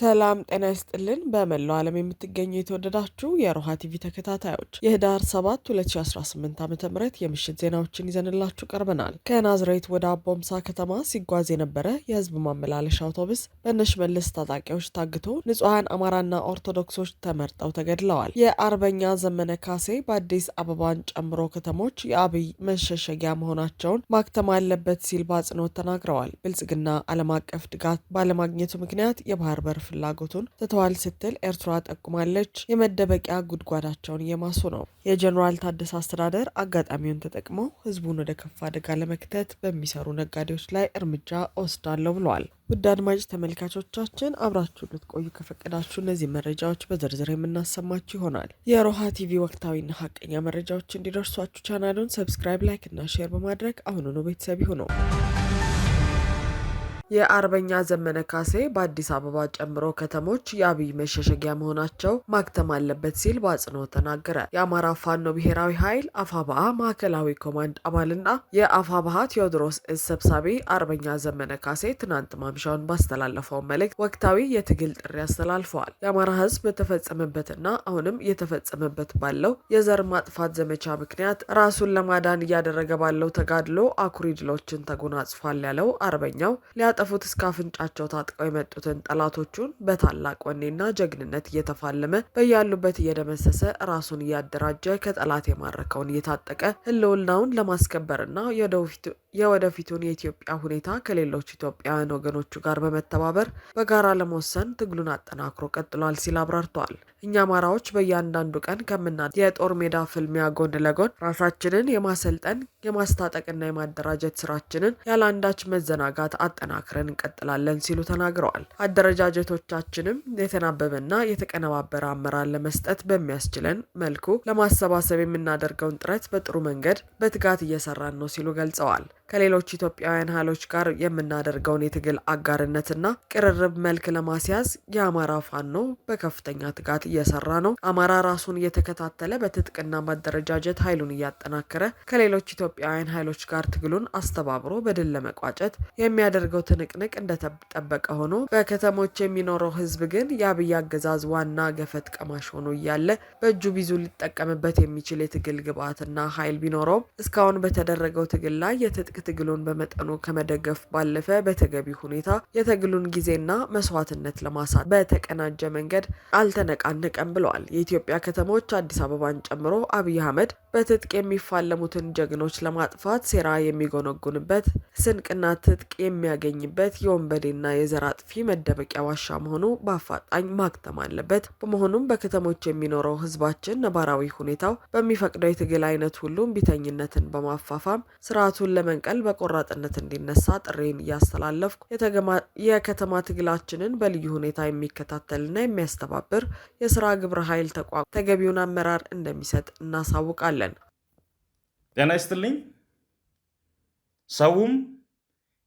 ሰላም ጤና ይስጥልን። በመላው ዓለም የምትገኙ የተወደዳችሁ የሮሃ ቲቪ ተከታታዮች የህዳር 7 2018 ዓ ም የምሽት ዜናዎችን ይዘንላችሁ ቀርበናል። ከናዝሬት ወደ አቦምሳ ከተማ ሲጓዝ የነበረ የህዝብ ማመላለሻ አውቶብስ በነሽ መልስ ታጣቂዎች ታግቶ ንጹሐን አማራና ኦርቶዶክሶች ተመርጠው ተገድለዋል። የአርበኛ ዘመነ ካሴ በአዲስ አበባን ጨምሮ ከተሞች የአብይ መሸሸጊያ መሆናቸውን ማክተም አለበት ሲል በአጽንኦት ተናግረዋል። ብልጽግና ዓለም አቀፍ ድጋፍ ባለማግኘቱ ምክንያት የባህር በር ፍላጎቱን ትተዋል ስትል ኤርትራ ጠቁማለች። የመደበቂያ ጉድጓዳቸውን እየማሱ ነው። የጀኔራል ታደሰ አስተዳደር አጋጣሚውን ተጠቅመው ህዝቡን ወደ ከፍ አደጋ ለመክተት በሚሰሩ ነጋዴዎች ላይ እርምጃ ወስዳለሁ ብለዋል። ውድ አድማጭ ተመልካቾቻችን አብራችሁ ልትቆዩ ከፈቀዳችሁ እነዚህ መረጃዎች በዝርዝር የምናሰማችሁ ይሆናል። የሮሃ ቲቪ ወቅታዊና ሀቀኛ መረጃዎች እንዲደርሷችሁ ቻናሉን ሰብስክራይብ፣ ላይክ እና ሼር በማድረግ አሁኑኑ ቤተሰብ ይሁነው። የአርበኛ ዘመነ ካሴ በአዲስ አበባ ጨምሮ ከተሞች የአብይ መሸሸጊያ መሆናቸው ማክተም አለበት ሲል በአጽንኦት ተናገረ። የአማራ ፋኖ ብሔራዊ ኃይል አፋብሃ ማዕከላዊ ኮማንድ አባልና የአፋባሀ ቴዎድሮስ እዝ ሰብሳቢ አርበኛ ዘመነ ካሴ ትናንት ማምሻውን ባስተላለፈው መልእክት ወቅታዊ የትግል ጥሪ አስተላልፈዋል። የአማራ ሕዝብ በተፈጸመበትና አሁንም እየተፈጸመበት ባለው የዘር ማጥፋት ዘመቻ ምክንያት ራሱን ለማዳን እያደረገ ባለው ተጋድሎ አኩሪ ድሎችን ተጎናጽፏል ያለው አርበኛው ሊያ ሊያጠፉት እስከ አፍንጫቸው ታጥቀው የመጡትን ጠላቶቹን በታላቅ ወኔና ጀግንነት እየተፋለመ በያሉበት እየደመሰሰ ራሱን እያደራጀ ከጠላት የማረከውን እየታጠቀ ህልውናውን ለማስከበርና የወደፊቱን የኢትዮጵያ ሁኔታ ከሌሎች ኢትዮጵያውያን ወገኖቹ ጋር በመተባበር በጋራ ለመወሰን ትግሉን አጠናክሮ ቀጥሏል ሲል አብራርተዋል። እኛ አማራዎች በእያንዳንዱ ቀን ከምና የጦር ሜዳ ፍልሚያ ጎን ለጎን ራሳችንን የማሰልጠን የማስታጠቅና የማደራጀት ስራችንን ያለ አንዳች መዘናጋት አጠናክ አጠናክረን እንቀጥላለን ሲሉ ተናግረዋል። አደረጃጀቶቻችንም የተናበበና የተቀነባበረ አመራር ለመስጠት በሚያስችለን መልኩ ለማሰባሰብ የምናደርገውን ጥረት በጥሩ መንገድ በትጋት እየሰራን ነው ሲሉ ገልጸዋል። ከሌሎች ኢትዮጵያውያን ኃይሎች ጋር የምናደርገውን የትግል አጋርነትና ቅርርብ መልክ ለማስያዝ የአማራ ፋኖ በከፍተኛ ትጋት እየሰራ ነው። አማራ ራሱን እየተከታተለ በትጥቅና ማደረጃጀት ኃይሉን እያጠናከረ ከሌሎች ኢትዮጵያውያን ኃይሎች ጋር ትግሉን አስተባብሮ በድል ለመቋጨት የሚያደርገው ትንቅንቅ እንደተጠበቀ ሆኖ በከተሞች የሚኖረው ህዝብ ግን የአብይ አገዛዝ ዋና ገፈት ቀማሽ ሆኖ እያለ በእጁ ቢዙ ሊጠቀምበት የሚችል የትግል ግብዓትና ኃይል ቢኖረውም እስካሁን በተደረገው ትግል ላይ የትጥቅ የትጥቅ ትግሉን በመጠኑ ከመደገፍ ባለፈ በተገቢ ሁኔታ የትግሉን ጊዜና መስዋዕትነት ለማሳት በተቀናጀ መንገድ አልተነቃነቀም ብለዋል። የኢትዮጵያ ከተሞች አዲስ አበባን ጨምሮ አብይ አህመድ በትጥቅ የሚፋለሙትን ጀግኖች ለማጥፋት ሴራ የሚጎነጉንበት ስንቅና ትጥቅ የሚያገኝበት የወንበዴና የዘር አጥፊ መደበቂያ ዋሻ መሆኑ በአፋጣኝ ማክተም አለበት። በመሆኑም በከተሞች የሚኖረው ህዝባችን ነባራዊ ሁኔታው በሚፈቅደው የትግል አይነት ሁሉም ቢተኝነትን በማፋፋም ስርዓቱን ለመንቀል በቆራጥነት እንዲነሳ ጥሬን እያስተላለፍኩ የከተማ ትግላችንን በልዩ ሁኔታ የሚከታተልና የሚያስተባብር የስራ ግብረ ኃይል ተቋም ተገቢውን አመራር እንደሚሰጥ እናሳውቃለን። ጤና ይስጥልኝ። ሰውም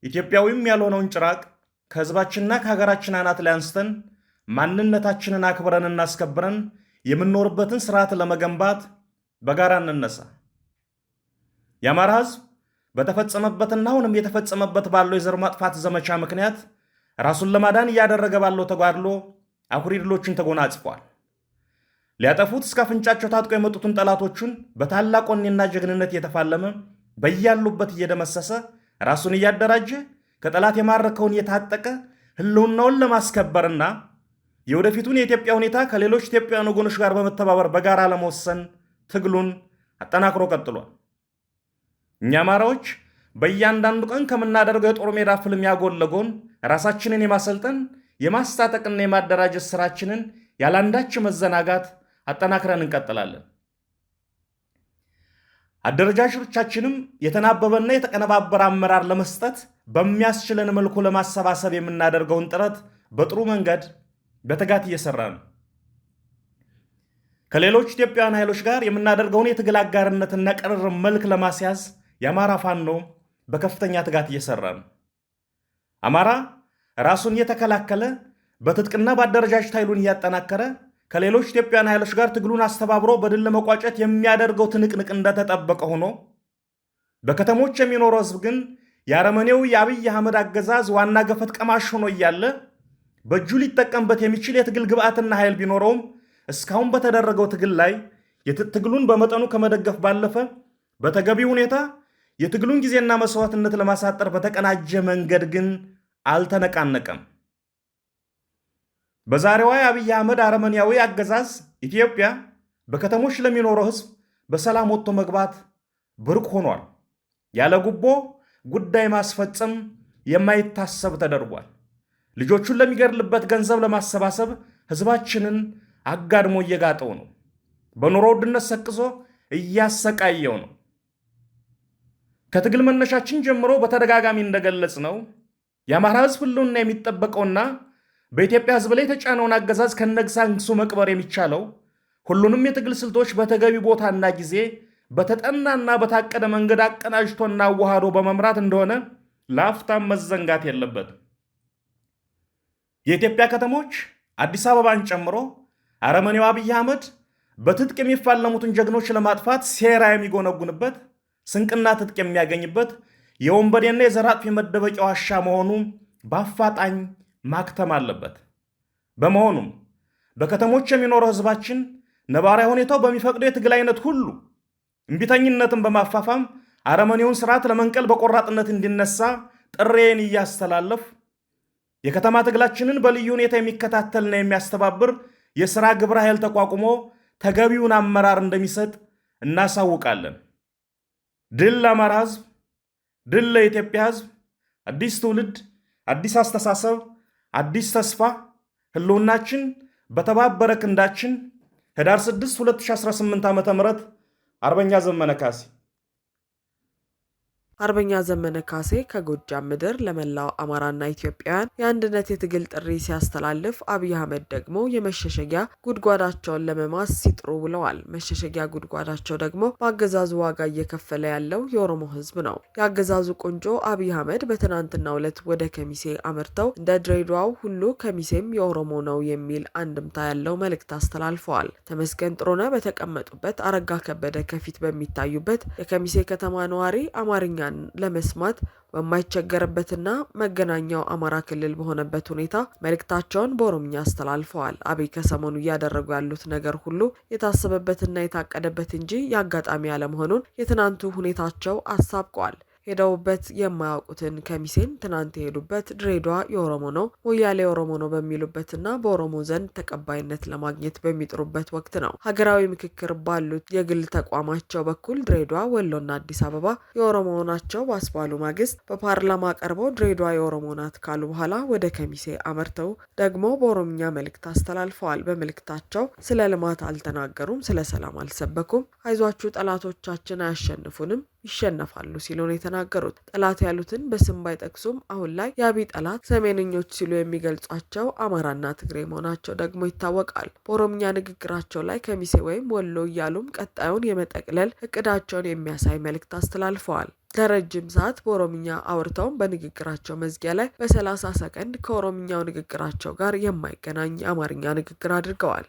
ኢትዮጵያዊም ያልሆነውን ጭራቅ ከህዝባችንና ከሀገራችን አናት ላይ አንስተን ማንነታችንን አክብረን እናስከብረን የምንኖርበትን ስርዓት ለመገንባት በጋራ እንነሳ። የአማራ ህዝብ በተፈጸመበትና አሁንም የተፈጸመበት ባለው የዘር ማጥፋት ዘመቻ ምክንያት ራሱን ለማዳን እያደረገ ባለው ተጓድሎ አኩሪ ድሎችን ተጎናጽፏል። ሊያጠፉት እስከ አፍንጫቸው ታጥቆ የመጡትን ጠላቶቹን በታላቅ ወኔና ጀግንነት እየተፋለመ በያሉበት እየደመሰሰ ራሱን እያደራጀ ከጠላት የማረከውን እየታጠቀ ህልውናውን ለማስከበርና የወደፊቱን የኢትዮጵያ ሁኔታ ከሌሎች ኢትዮጵያውያን ወገኖች ጋር በመተባበር በጋራ ለመወሰን ትግሉን አጠናክሮ ቀጥሏል። እኛ አማራዎች በእያንዳንዱ ቀን ከምናደርገው የጦር ሜዳ ፍልሚያ ጎን ለጎን ራሳችንን የማሰልጠን የማስታጠቅና የማደራጀት ስራችንን ያለአንዳች መዘናጋት አጠናክረን እንቀጥላለን። አደረጃጀቶቻችንም የተናበበና የተቀነባበረ አመራር ለመስጠት በሚያስችለን መልኩ ለማሰባሰብ የምናደርገውን ጥረት በጥሩ መንገድ በትጋት እየሰራ ነው። ከሌሎች ኢትዮጵያውያን ኃይሎች ጋር የምናደርገውን የትግል አጋርነትና ቅርርብ መልክ ለማስያዝ የአማራ ፋኖ በከፍተኛ ትጋት እየሰራ ነው። አማራ ራሱን እየተከላከለ በትጥቅና በአደረጃጀት ኃይሉን እያጠናከረ ከሌሎች ኢትዮጵያን ኃይሎች ጋር ትግሉን አስተባብሮ በድል ለመቋጨት የሚያደርገው ትንቅንቅ እንደተጠበቀ ሆኖ በከተሞች የሚኖረው ህዝብ ግን የአረመኔው የአብይ አህመድ አገዛዝ ዋና ገፈት ቀማሽ ሆኖ እያለ በእጁ ሊጠቀምበት የሚችል የትግል ግብአትና ኃይል ቢኖረውም እስካሁን በተደረገው ትግል ላይ ትግሉን በመጠኑ ከመደገፍ ባለፈ በተገቢ ሁኔታ የትግሉን ጊዜና መስዋዕትነት ለማሳጠር በተቀናጀ መንገድ ግን አልተነቃነቀም። በዛሬዋ የአብይ አህመድ አረመኔያዊ አገዛዝ ኢትዮጵያ በከተሞች ለሚኖረው ሕዝብ በሰላም ወጥቶ መግባት ብርቅ ሆኗል። ያለ ጉቦ ጉዳይ ማስፈጸም የማይታሰብ ተደርጓል። ልጆቹን ለሚገድልበት ገንዘብ ለማሰባሰብ ህዝባችንን አጋድሞ እየጋጠው ነው። በኑሮ ውድነት ሰቅዞ እያሰቃየው ነው። ከትግል መነሻችን ጀምሮ በተደጋጋሚ እንደገለጽ ነው የአማራ ህዝብ ህልውና የሚጠበቀውና በኢትዮጵያ ህዝብ ላይ የተጫነውን አገዛዝ ከነግሳንግሱ መቅበር የሚቻለው ሁሉንም የትግል ስልቶች በተገቢ ቦታና ጊዜ በተጠናና በታቀደ መንገድ አቀናጅቶና አዋሃዶ በመምራት እንደሆነ ለአፍታም መዘንጋት የለበትም። የኢትዮጵያ ከተሞች አዲስ አበባን ጨምሮ አረመኔው አብይ አህመድ በትጥቅ የሚፋለሙትን ጀግኖች ለማጥፋት ሴራ የሚጎነጉንበት ስንቅና ትጥቅ የሚያገኝበት የወንበዴና የዘራጥፊ መደበቂያ ዋሻ መሆኑ በአፋጣኝ ማክተም አለበት። በመሆኑም በከተሞች የሚኖረው ህዝባችን ነባሪያ ሁኔታው በሚፈቅደው የትግል አይነት ሁሉ እምቢተኝነትን በማፋፋም አረመኔውን ስርዓት ለመንቀል በቆራጥነት እንዲነሳ ጥሬን እያስተላለፍ የከተማ ትግላችንን በልዩ ሁኔታ የሚከታተልና የሚያስተባብር የሥራ ግብረ ኃይል ተቋቁሞ ተገቢውን አመራር እንደሚሰጥ እናሳውቃለን። ድል ለአማራ ህዝብ፣ ድል ለኢትዮጵያ ህዝብ። አዲስ ትውልድ፣ አዲስ አስተሳሰብ አዲስ ተስፋ ህልውናችን በተባበረ ክንዳችን ህዳር 6 2018 ዓ ም አርበኛ ዘመነ ካሴ አርበኛ ዘመነ ካሴ ከጎጃም ምድር ለመላው አማራና ኢትዮጵያውያን የአንድነት የትግል ጥሪ ሲያስተላልፍ፣ አብይ አህመድ ደግሞ የመሸሸጊያ ጉድጓዳቸውን ለመማስ ሲጥሩ ብለዋል። መሸሸጊያ ጉድጓዳቸው ደግሞ በአገዛዙ ዋጋ እየከፈለ ያለው የኦሮሞ ህዝብ ነው። የአገዛዙ ቆንጆ አብይ አህመድ በትናንትናው ዕለት ወደ ከሚሴ አመርተው እንደ ድሬዳዋው ሁሉ ከሚሴም የኦሮሞ ነው የሚል አንድምታ ያለው መልእክት አስተላልፈዋል። ተመስገን ጥሩነህ በተቀመጡበት አረጋ ከበደ ከፊት በሚታዩበት የከሚሴ ከተማ ነዋሪ አማርኛ ኢትዮጵያን ለመስማት በማይቸገርበትና መገናኛው አማራ ክልል በሆነበት ሁኔታ መልእክታቸውን በኦሮምኛ አስተላልፈዋል። አብይ ከሰሞኑ እያደረጉ ያሉት ነገር ሁሉ የታሰበበትና የታቀደበት እንጂ የአጋጣሚ አለመሆኑን የትናንቱ ሁኔታቸው አሳብቋል። ሄደውበት የማያውቁትን ከሚሴን ትናንት የሄዱበት ድሬዳዋ የኦሮሞ ነው፣ ሞያሌ የኦሮሞ ነው በሚሉበትና በኦሮሞ ዘንድ ተቀባይነት ለማግኘት በሚጥሩበት ወቅት ነው። ሀገራዊ ምክክር ባሉት የግል ተቋማቸው በኩል ድሬዳዋ፣ ወሎና አዲስ አበባ የኦሮሞ ናቸው ባስባሉ ማግስት በፓርላማ ቀርበው ድሬዳዋ የኦሮሞ ናት ካሉ በኋላ ወደ ከሚሴ አመርተው ደግሞ በኦሮምኛ መልእክት አስተላልፈዋል። በመልእክታቸው ስለ ልማት አልተናገሩም፣ ስለ ሰላም አልሰበኩም፣ አይዟችሁ ጠላቶቻችን አያሸንፉንም ይሸነፋሉ ሲሉ ነው የተናገሩት። ጠላት ያሉትን በስም ባይጠቅሱም አሁን ላይ የአብይ ጠላት ሰሜንኞች ሲሉ የሚገልጿቸው አማራና ትግሬ መሆናቸው ደግሞ ይታወቃል። በኦሮምኛ ንግግራቸው ላይ ከሚሴ ወይም ወሎ እያሉም ቀጣዩን የመጠቅለል እቅዳቸውን የሚያሳይ መልእክት አስተላልፈዋል። ለረጅም ሰዓት በኦሮምኛ አውርተውም በንግግራቸው መዝጊያ ላይ በሰላሳ ሰከንድ ከኦሮምኛው ንግግራቸው ጋር የማይገናኝ አማርኛ ንግግር አድርገዋል።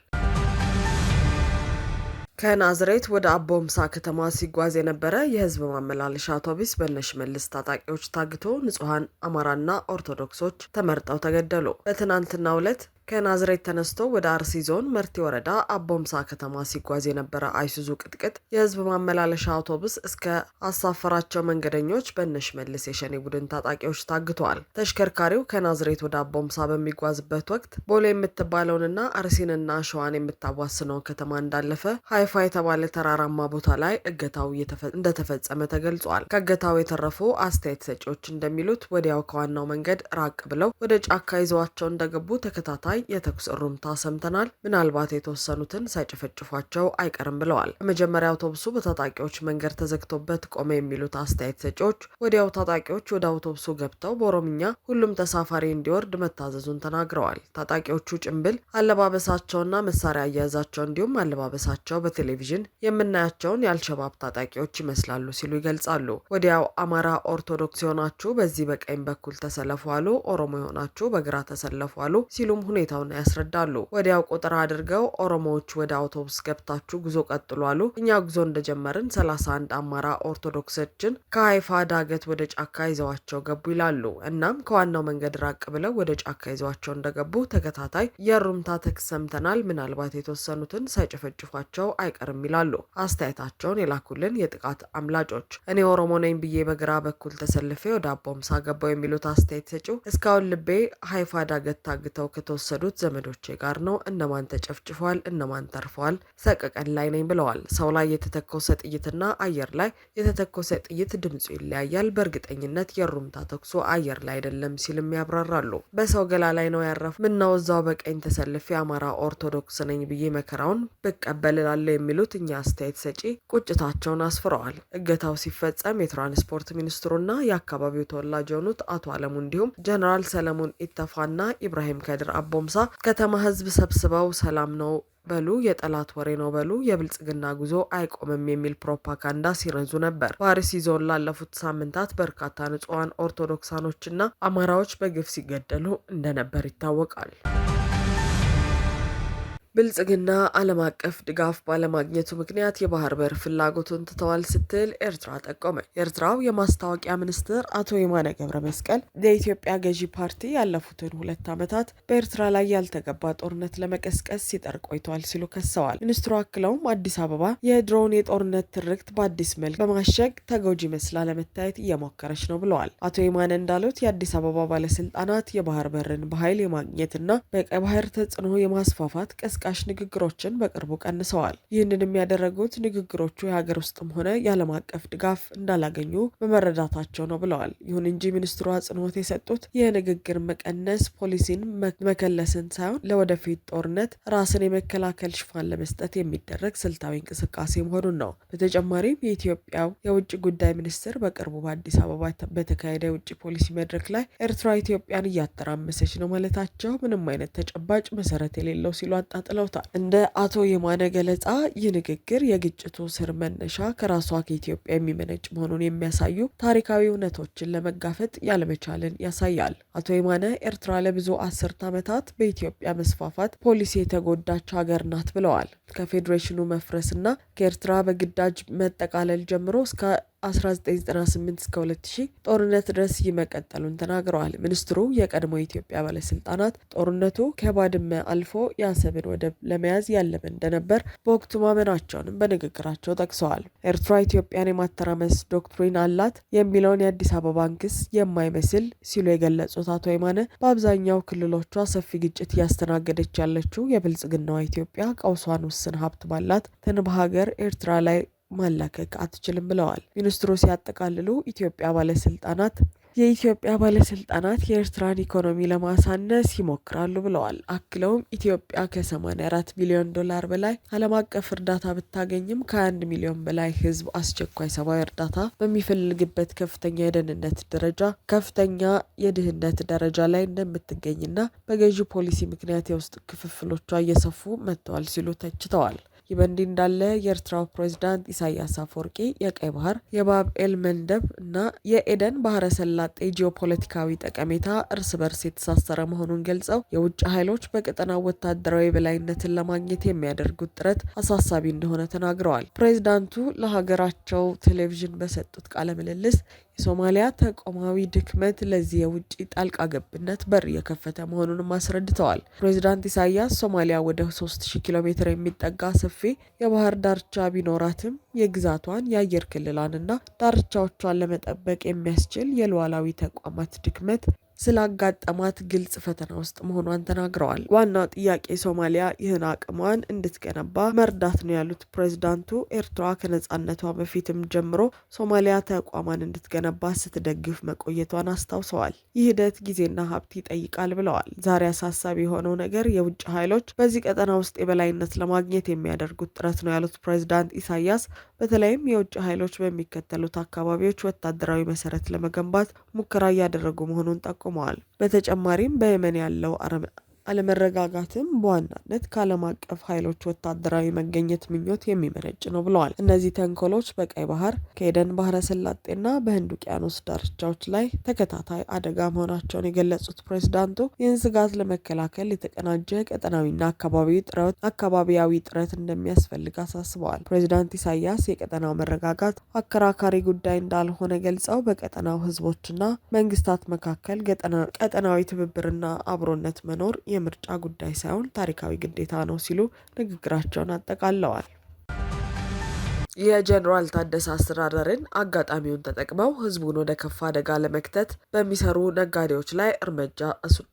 ከናዝሬት ወደ አቦምሳ ከተማ ሲጓዝ የነበረ የህዝብ ማመላለሻ በነሽ በነሽመልስ ታጣቂዎች ታግቶ ንጹሐን አማራና ኦርቶዶክሶች ተመርጠው ተገደሉ። በትናንትናው ዕለት ከናዝሬት ተነስቶ ወደ አርሲ ዞን መርቴ ወረዳ አቦምሳ ከተማ ሲጓዝ የነበረ አይሱዙ ቅጥቅጥ የህዝብ ማመላለሻ አውቶቡስ እስከ አሳፈራቸው መንገደኞች በነሽ መልስ የሸኔ ቡድን ታጣቂዎች ታግተዋል። ተሽከርካሪው ከናዝሬት ወደ አቦምሳ በሚጓዝበት ወቅት ቦሌ የምትባለውንና አርሲንና ሸዋን የምታዋስነውን ከተማ እንዳለፈ ሀይፋ የተባለ ተራራማ ቦታ ላይ እገታው እንደተፈጸመ ተገልጿል። ከእገታው የተረፉ አስተያየት ሰጪዎች እንደሚሉት ወዲያው ከዋናው መንገድ ራቅ ብለው ወደ ጫካ ይዘዋቸው እንደገቡ ተከታታይ ላይ የተኩስ እሩምታ ሰምተናል፣ ምናልባት የተወሰኑትን ሳይጨፈጭፏቸው አይቀርም ብለዋል። በመጀመሪያ አውቶቡሱ በታጣቂዎች መንገድ ተዘግቶበት ቆመ የሚሉት አስተያየት ሰጪዎች ወዲያው ታጣቂዎች ወደ አውቶቡሱ ገብተው በኦሮምኛ ሁሉም ተሳፋሪ እንዲወርድ መታዘዙን ተናግረዋል። ታጣቂዎቹ ጭንብል አለባበሳቸውና መሳሪያ አያያዛቸው እንዲሁም አለባበሳቸው በቴሌቪዥን የምናያቸውን የአልሸባብ ታጣቂዎች ይመስላሉ ሲሉ ይገልጻሉ። ወዲያው አማራ ኦርቶዶክስ የሆናችሁ በዚህ በቀኝ በኩል ተሰለፉ አሉ፣ ኦሮሞ የሆናችሁ በግራ ተሰለፉ አሉ ሲሉም ሁኔታ ሁኔታውን ያስረዳሉ። ወዲያው ቁጥር አድርገው ኦሮሞዎች ወደ አውቶቡስ ገብታችሁ ጉዞ ቀጥሉ አሉ። እኛ ጉዞ እንደጀመርን ሰላሳ አንድ አማራ ኦርቶዶክሶችን ከሀይፋ ዳገት ወደ ጫካ ይዘዋቸው ገቡ ይላሉ። እናም ከዋናው መንገድ ራቅ ብለው ወደ ጫካ ይዘዋቸው እንደገቡ ተከታታይ የሩምታ ተክስ ሰምተናል። ምናልባት የተወሰኑትን ሳይጨፈጭፏቸው አይቀርም ይላሉ አስተያየታቸውን የላኩልን የጥቃት አምላጮች። እኔ ኦሮሞ ነኝ ብዬ በግራ በኩል ተሰልፌ ወደ አቦምሳ ገባው የሚሉት አስተያየት ሰጪው እስካሁን ልቤ ሀይፋ ዳገት ታግተው ከተወሰኑ ከተወሰዱት ዘመዶቼ ጋር ነው። እነማን ተጨፍጭፏል፣ እነማን ተርፈዋል፣ ሰቀቀን ላይ ነኝ ብለዋል። ሰው ላይ የተተኮሰ ጥይትና አየር ላይ የተተኮሰ ጥይት ድምፁ ይለያያል። በእርግጠኝነት የሩምታ ተኩሶ አየር ላይ አይደለም ሲልም ያብራራሉ። በሰው ገላ ላይ ነው ያረፉ። ምነው እዛው በቀኝ ተሰልፌ አማራ ኦርቶዶክስ ነኝ ብዬ መከራውን ብቀበል እላለሁ የሚሉት እኛ አስተያየት ሰጪ ቁጭታቸውን አስፍረዋል። እገታው ሲፈጸም የትራንስፖርት ሚኒስትሩና የአካባቢው ተወላጅ የሆኑት አቶ አለሙ እንዲሁም ጀነራል ሰለሞን ኢተፋና ኢብራሂም ከድር አቦ ጎምሳ ከተማ ህዝብ ሰብስበው ሰላም ነው በሉ የጠላት ወሬ ነው በሉ የብልጽግና ጉዞ አይቆምም የሚል ፕሮፓጋንዳ ሲረዙ ነበር። በአርሲ ዞን ላለፉት ሳምንታት በርካታ ንጹሐን ኦርቶዶክሳኖችና አማራዎች በግፍ ሲገደሉ እንደነበር ይታወቃል። ብልጽግና ዓለም አቀፍ ድጋፍ ባለማግኘቱ ምክንያት የባህር በር ፍላጎቱን ትተዋል ስትል ኤርትራ ጠቆመ። ኤርትራው የማስታወቂያ ሚኒስትር አቶ የማነ ገብረ መስቀል የኢትዮጵያ ገዢ ፓርቲ ያለፉትን ሁለት ዓመታት በኤርትራ ላይ ያልተገባ ጦርነት ለመቀስቀስ ሲጠር ቆይቷል ሲሉ ከሰዋል። ሚኒስትሩ አክለውም አዲስ አበባ የድሮውን የጦርነት ትርክት በአዲስ መልክ በማሸግ ተጎጂ መስላ ለመታየት እየሞከረች ነው ብለዋል። አቶ የማነ እንዳሉት የአዲስ አበባ ባለስልጣናት የባህር በርን በኃይል የማግኘትና በቀይ ባህር ተጽዕኖ የማስፋፋት ቀስ ቀስቃሽ ንግግሮችን በቅርቡ ቀንሰዋል። ይህንንም ያደረጉት ንግግሮቹ የሀገር ውስጥም ሆነ የዓለም አቀፍ ድጋፍ እንዳላገኙ በመረዳታቸው ነው ብለዋል። ይሁን እንጂ ሚኒስትሩ አጽንኦት የሰጡት የንግግር መቀነስ ፖሊሲን መከለስን ሳይሆን ለወደፊት ጦርነት ራስን የመከላከል ሽፋን ለመስጠት የሚደረግ ስልታዊ እንቅስቃሴ መሆኑን ነው። በተጨማሪም የኢትዮጵያው የውጭ ጉዳይ ሚኒስትር በቅርቡ በአዲስ አበባ በተካሄደ የውጭ ፖሊሲ መድረክ ላይ ኤርትራ ኢትዮጵያን እያተራመሰች ነው ማለታቸው ምንም አይነት ተጨባጭ መሰረት የሌለው ሲሉ አጣጥ ቀጥለውታል። እንደ አቶ የማነ ገለጻ ይህ ንግግር የግጭቱ ስር መነሻ ከራሷ ከኢትዮጵያ የሚመነጭ መሆኑን የሚያሳዩ ታሪካዊ እውነቶችን ለመጋፈጥ ያለመቻልን ያሳያል። አቶ የማነ ኤርትራ ለብዙ አስርት ዓመታት በኢትዮጵያ መስፋፋት ፖሊሲ የተጎዳች ሀገር ናት ብለዋል። ከፌዴሬሽኑ መፍረስና ከኤርትራ በግዳጅ መጠቃለል ጀምሮ እስከ 1998 እስከ 2000 ጦርነት ድረስ መቀጠሉን ተናግረዋል። ሚኒስትሩ የቀድሞ የኢትዮጵያ ባለስልጣናት ጦርነቱ ከባድመ አልፎ የአሰብን ወደብ ለመያዝ ያለመ እንደነበር በወቅቱ ማመናቸውንም በንግግራቸው ጠቅሰዋል። ኤርትራ ኢትዮጵያን የማተራመስ ዶክትሪን አላት የሚለውን የአዲስ አበባን ክስ የማይመስል ሲሉ የገለጹት አቶ የማነ በአብዛኛው ክልሎቿ ሰፊ ግጭት እያስተናገደች ያለችው የብልጽግናዋ ኢትዮጵያ ቀውሷን ውስን ሀብት ባላት ትንብ ሀገር ኤርትራ ላይ ማላከክ አትችልም ብለዋል። ሚኒስትሩ ሲያጠቃልሉ ኢትዮጵያ ባለስልጣናት የኢትዮጵያ ባለስልጣናት የኤርትራን ኢኮኖሚ ለማሳነስ ይሞክራሉ ብለዋል። አክለውም ኢትዮጵያ ከ84 ቢሊዮን ዶላር በላይ ዓለም አቀፍ እርዳታ ብታገኝም ከ1 ሚሊዮን በላይ ሕዝብ አስቸኳይ ሰብአዊ እርዳታ በሚፈልግበት ከፍተኛ የደህንነት ደረጃ ከፍተኛ የድህነት ደረጃ ላይ እንደምትገኝና በገዢ ፖሊሲ ምክንያት የውስጥ ክፍፍሎቿ እየሰፉ መጥተዋል ሲሉ ተችተዋል። ይህ በእንዲህ እንዳለ የኤርትራው ፕሬዚዳንት ኢሳያስ አፈወርቂ የቀይ ባህር የባብኤል መንደብ እና የኤደን ባህረ ሰላጤ ጂኦፖለቲካዊ ጠቀሜታ እርስ በርስ የተሳሰረ መሆኑን ገልጸው የውጭ ኃይሎች በቀጠናው ወታደራዊ የበላይነትን ለማግኘት የሚያደርጉት ጥረት አሳሳቢ እንደሆነ ተናግረዋል። ፕሬዚዳንቱ ለሀገራቸው ቴሌቪዥን በሰጡት ቃለ ምልልስ የሶማሊያ ተቋማዊ ድክመት ለዚህ የውጭ ጣልቃ ገብነት በር የከፈተ መሆኑንም አስረድተዋል። ፕሬዚዳንት ኢሳያስ ሶማሊያ ወደ 3000 ኪሎ ሜትር የሚጠጋ ሰፊ የባህር ዳርቻ ቢኖራትም የግዛቷን የአየር ክልሏንና ዳርቻዎቿን ለመጠበቅ የሚያስችል የሉዓላዊ ተቋማት ድክመት ስላጋጠማት ግልጽ ፈተና ውስጥ መሆኗን ተናግረዋል። ዋናው ጥያቄ ሶማሊያ ይህን አቅሟን እንድትገነባ መርዳት ነው ያሉት ፕሬዝዳንቱ ኤርትራ ከነጻነቷ በፊትም ጀምሮ ሶማሊያ ተቋማን እንድትገነባ ስትደግፍ መቆየቷን አስታውሰዋል። ይህ ሂደት ጊዜና ሀብት ይጠይቃል ብለዋል። ዛሬ አሳሳቢ የሆነው ነገር የውጭ ኃይሎች በዚህ ቀጠና ውስጥ የበላይነት ለማግኘት የሚያደርጉት ጥረት ነው ያሉት ፕሬዝዳንት ኢሳያስ በተለይም የውጭ ኃይሎች በሚከተሉት አካባቢዎች ወታደራዊ መሰረት ለመገንባት ሙከራ እያደረጉ መሆኑን ጠቁመዋል። ጠቁመዋል። በተጨማሪም በየመን ያለው አለመረጋጋትም በዋናነት ከዓለም አቀፍ ኃይሎች ወታደራዊ መገኘት ምኞት የሚመነጭ ነው ብለዋል። እነዚህ ተንኮሎች በቀይ ባህር፣ ከኤደን ባህረ ሰላጤና በህንድ ውቅያኖስ ዳርቻዎች ላይ ተከታታይ አደጋ መሆናቸውን የገለጹት ፕሬዚዳንቱ ይህን ስጋት ለመከላከል የተቀናጀ ቀጠናዊና አካባቢያዊ ጥረት እንደሚያስፈልግ አሳስበዋል። ፕሬዚዳንት ኢሳያስ የቀጠናው መረጋጋት አከራካሪ ጉዳይ እንዳልሆነ ገልጸው በቀጠናው ህዝቦችና መንግስታት መካከል ቀጠናዊ ትብብርና አብሮነት መኖር የምርጫ ጉዳይ ሳይሆን ታሪካዊ ግዴታ ነው ሲሉ ንግግራቸውን አጠቃለዋል። የጀኔራል ታደሰ አስተዳደርን አጋጣሚውን ተጠቅመው ህዝቡን ወደ ከፋ አደጋ ለመክተት በሚሰሩ ነጋዴዎች ላይ እርምጃ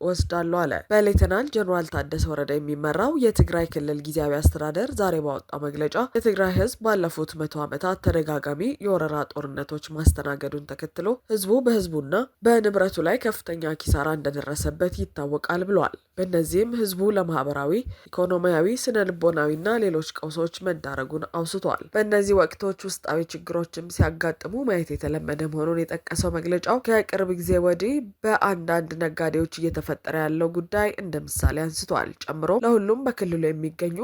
ወስዳሉ አለ። በሌተናል ጀኔራል ታደሰ ወረደ የሚመራው የትግራይ ክልል ጊዜያዊ አስተዳደር ዛሬ ባወጣው መግለጫ የትግራይ ህዝብ ባለፉት መቶ ዓመታት ተደጋጋሚ የወረራ ጦርነቶች ማስተናገዱን ተከትሎ ህዝቡ በህዝቡና በንብረቱ ላይ ከፍተኛ ኪሳራ እንደደረሰበት ይታወቃል ብሏል። በእነዚህም ህዝቡ ለማህበራዊ፣ ኢኮኖሚያዊ፣ ስነ ልቦናዊና ሌሎች ቀውሶች መዳረጉን አውስቷል። በእነዚህ ወቅቶች ውስጣዊ ችግሮችም ሲያጋጥሙ ማየት የተለመደ መሆኑን የጠቀሰው መግለጫው ከቅርብ ጊዜ ወዲህ በአንዳንድ ነጋዴዎች እየተፈጠረ ያለው ጉዳይ እንደ ምሳሌ አንስቷል። ጨምሮ ለሁሉም በክልሉ የሚገኙ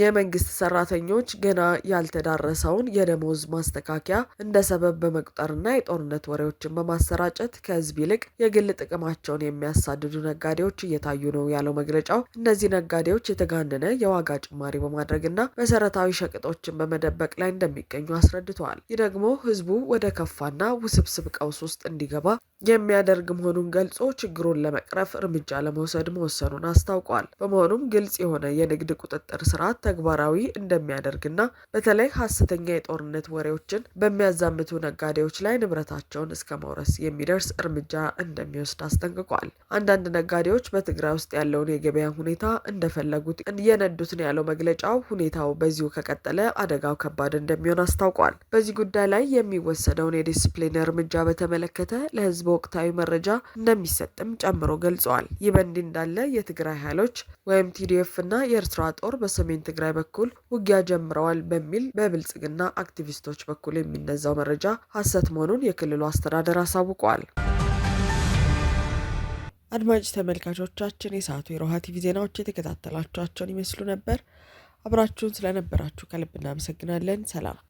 የመንግስት ሰራተኞች ገና ያልተዳረሰውን የደሞዝ ማስተካከያ እንደ ሰበብ በመቁጠርና የጦርነት ወሬዎችን በማሰራጨት ከህዝብ ይልቅ የግል ጥቅማቸውን የሚያሳድዱ ነጋዴዎች እየታዩ ነው ያለው መግለጫው፣ እነዚህ ነጋዴዎች የተጋነነ የዋጋ ጭማሪ በማድረግና መሰረታዊ ሸቀጦችን በመደበቅ ላይ እንደሚገኙ አስረድተዋል። ይህ ደግሞ ህዝቡ ወደ ከፋና ውስብስብ ቀውስ ውስጥ እንዲገባ የሚያደርግ መሆኑን ገልጾ ችግሩን ለመቅረፍ እርምጃ ለመውሰድ መወሰኑን አስታውቋል። በመሆኑም ግልጽ የሆነ የንግድ ቁጥጥር ስርዓት ተግባራዊ እንደሚያደርግና በተለይ ሀሰተኛ የጦርነት ወሬዎችን በሚያዛምቱ ነጋዴዎች ላይ ንብረታቸውን እስከ መውረስ የሚደርስ እርምጃ እንደሚወስድ አስጠንቅቋል። አንዳንድ ነጋዴዎች በትግራይ ውስጥ ያለውን የገበያ ሁኔታ እንደፈለጉት እየነዱት ነው ያለው መግለጫው፣ ሁኔታው በዚሁ ከቀጠለ አደጋው ከባድ እንደሚሆን አስታውቋል። በዚህ ጉዳይ ላይ የሚወሰደውን የዲስፕሊን እርምጃ በተመለከተ ለህዝብ በወቅታዊ ወቅታዊ መረጃ እንደሚሰጥም ጨምሮ ገልጸዋል። ይህ በእንዲህ እንዳለ የትግራይ ኃይሎች ወይም ቲዲኤፍ እና የኤርትራ ጦር በሰሜን ትግራይ በኩል ውጊያ ጀምረዋል በሚል በብልጽግና አክቲቪስቶች በኩል የሚነዛው መረጃ ሐሰት መሆኑን የክልሉ አስተዳደር አሳውቋል። አድማጭ ተመልካቾቻችን የሰዓቱ የሮሃ ቲቪ ዜናዎች የተከታተላችኋቸውን ይመስሉ ነበር። አብራችሁን ስለነበራችሁ ከልብ እናመሰግናለን። ሰላም